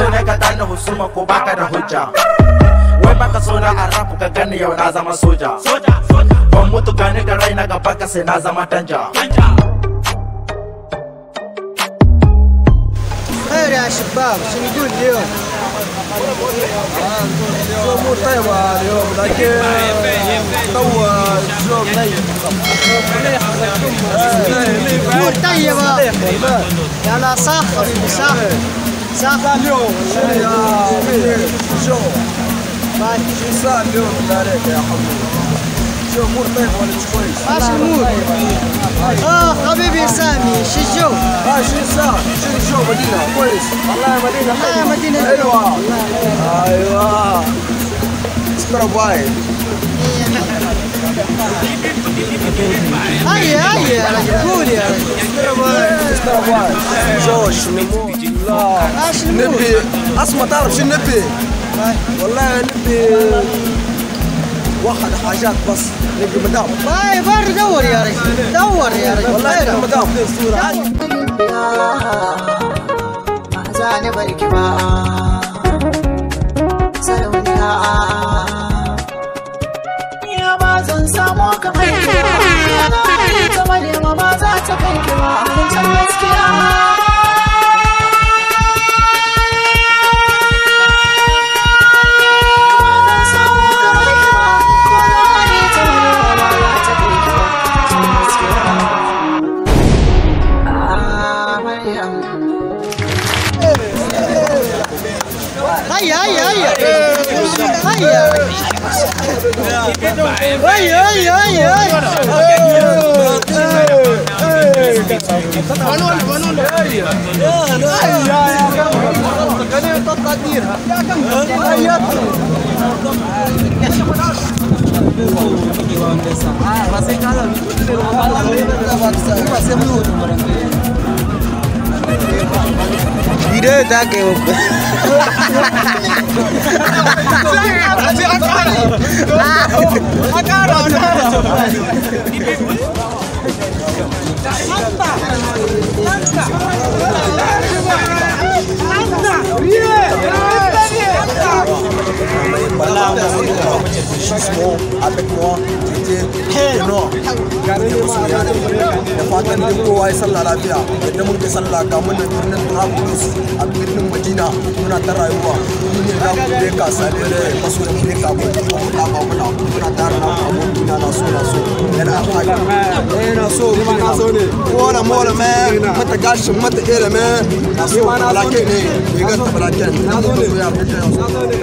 so ne ka tani husuma ko baka da hujja wai baka so na arafu ka gani yau na zama soja ban mutu gani da raina gaba ka sai na zama danja خير يا شباب شو نقول اليوم؟ الامور طيبه اليوم لكن تو الجو مليح الامور طيبه يلا صح Salud, شوف شو اليوم عليك يا حبيبي شوف مور طيب ولا مش كويس ماشي مور اه حبيبي سامي شو الجو اه شو الجو شو الجو مدينه كويس والله مدينه والله مدينه حلوه ايوه ايوه اسكروا باي هيا هيا يا رجل قول يا رجل جوش نمو لا اسمع تعرف شو نبي والله نبي واحد حاجات بس نبي مدام باي بر دور يا رجل دور يا رجل والله نبي مدام صورة عادي أحزاني بركبها Ai, ai, ai, ai! Video tak 太厉害了！mo avec moi DJ Keno da musu ya da fatan duk kowa ya sallah lafiya yadda muke sallah ga mun da birnin Trablus a birnin Madina muna ta rayuwa mun ne da ku dai ka sale da kaso da ne ka ko ko da ba muna muna ta rana mu muna na so na so yana haka yana so kuma na so ne ko da mola me mata gashin mata ere me na so alake ne ne ga tabarake na so ne ya fita na so ne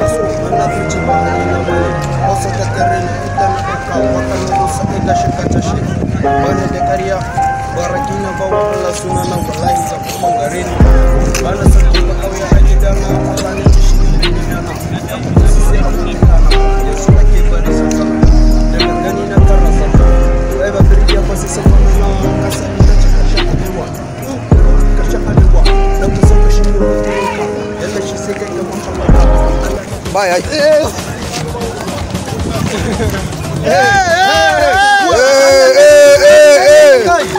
na so masakatarin fitan ɗauka wakannin sa'ai da shiga tashi bane da ƙarya ba ragina ba wa Allah suna na wallahi zafi gare ni bana na sarki ba ƙauya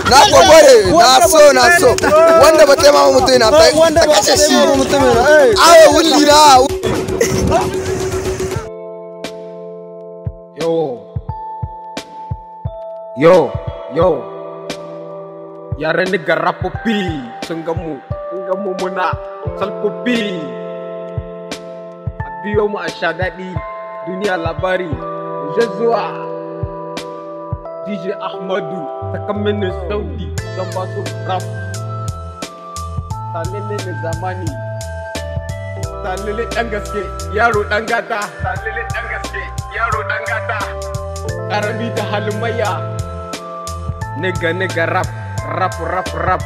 na kwakware na so na so wanda ba ta mutum ta shi wulli na yo yo yo ni sun sun muna salfofi a biyo mu a sha daɗi duniya labari zazzuwa dj ahmadu takammanin saudi don ba rap talele da zamani talele dan yaro dan gata talele dan gaske yaro dan gata karami da halmaya niga rap rap rap rap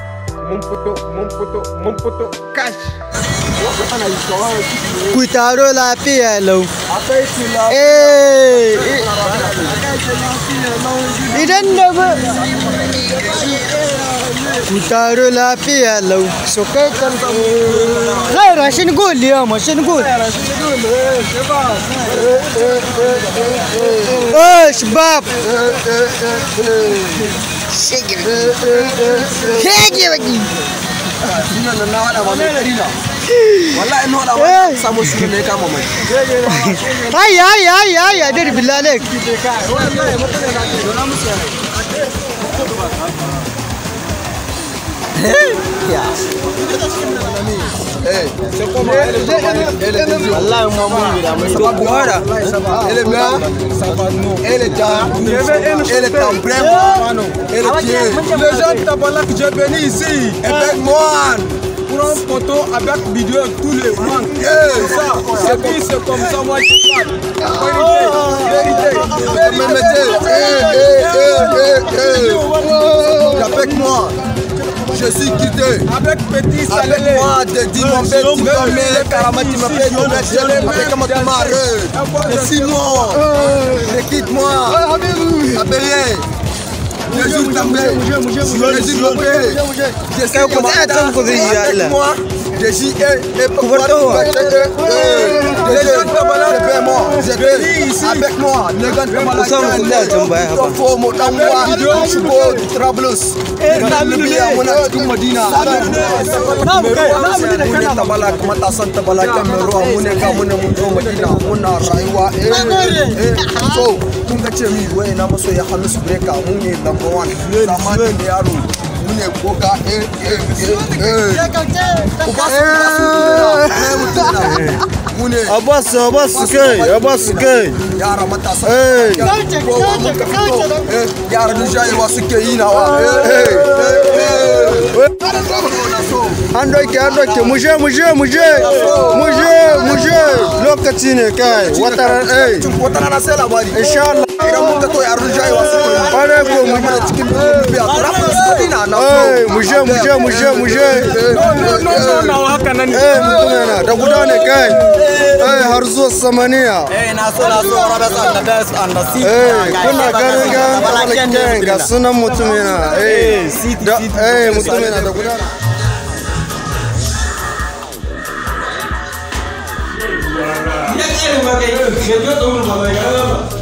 mun fito mun fito mun fito kash Cuidado la pielo. Hey, idan da ba. Cuidado la pielo. So kai kan. Rai rashin gol ya mashin gol. Oh, shabab. Shege. Shege. Shege. Ay ay ay ay ay dedi wallahi in hoda wani samu shi ne kama mai ai ai ai ai ai dai billahi Allah'ım mamun bir ama. Sabah bu ara. Ele mi? Ele ta. Ele tam bravo. Ele ki. Les gens t'appellent que je bénisse. Et ben moi. prends photo avec vidéo tous les mois. Eh, c'est c'est qui c'est comme ça moi je parle. Vérité, vérité. Avec moi, je suis quitté. Avec petit salé. Avec moi, de Dimambé, euh, tu m'appelles Karamati, tu m'appelles Domèche, je l'aime. Avec moi, tu m'arrêtes. Et sinon, je quitte moi. muje muje muje muje muje muje muje muje muje muje muje Je suis Les jeunes camarades avec moi, avec moi, les jeunes camarades. Tofo Motamwa, Shubo, Trablus, Namibia, muna cikin Madina. Mune tabala kuma ta san tabala kan mai ruwa mune ka mune mun zo Madina rayuwa eh eh so kun ga ce mi waye na masoya hannu su breaker mune number 1 tamamin yaro kuke kuka eh eh eh Abbas Abbas kai Abbas kai yara matasa eh yara dun shayewa suke yi nawa an doke an doke muje muje muje muje muje lokaci ne kai wata rana sai labari insha Allah idan mun ga to yaron jayi wasu kuma kwane ko mu mana cikin biya to rafa su kudi na na eh mu je mu je mu je mu je no no no haka nan eh mutum yana da guda ne kai eh har zuwa samaniya eh na so na so rabas and the best and the sea eh kuna ganin ga malakin ga sunan mutum yana eh eh mutum yana da guda Yeah, yeah, yeah, yeah, yeah, yeah, yeah, yeah, yeah, yeah,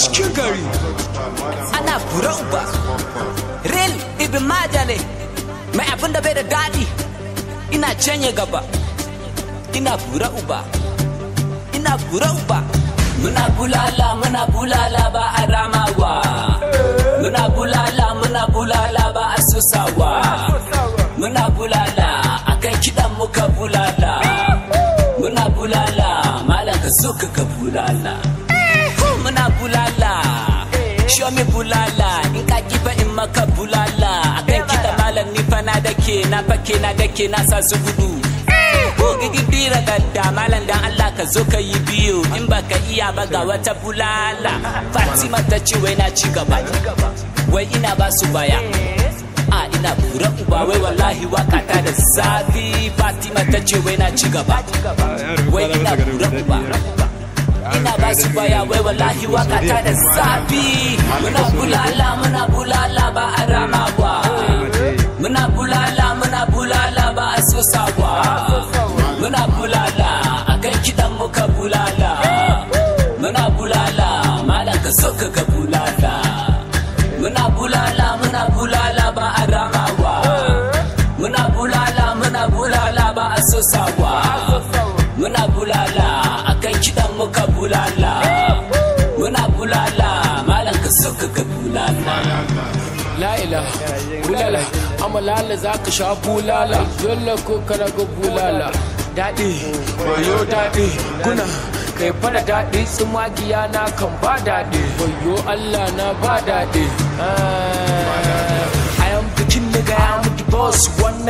cikin gari ana bura uba real ibi majale ne mai abin da bai da daɗi ina canye gaba ina bura uba ina bura uba muna bulala muna bulala ba a ramawa muna bulala muna bulala ba a susawa muna bulala a kan kidan muka bulala muna bulala malam ka so ka bulala bulala in ka kifa in maka bulala a kan kita malam ni fa na dake na fake na dake na sa su gudu ko gigidi da malam dan Allah ka zo ka yi biyo in baka iya ba ga wata bulala Fatima ta ce wai na ci gaba wai ina ba su baya a ina bura uba wai wallahi waka ta da zafi Fatima ta ce wai na ci gaba wai ina bura uba muna ba su baya wai wallahi waka ta da zafi muna bulala muna bulala ba a rama ba muna bulala muna bulala ba a sosa ba muna bulala a kan kidan muka bulala muna bulala malam ka so ka ka bulala muna bulala muna bulala ba a rama ba muna bulala muna bulala ba a sosa ba ka ga bulala la'ila bulala amalala za ka sha bulala yolla ko ka rago bulala daɗi bayo daɗi guna kai fara daɗi su tsumagiya na kan ba daɗi bayo allah na ba daɗi ah, i am the king nigga i am the boss one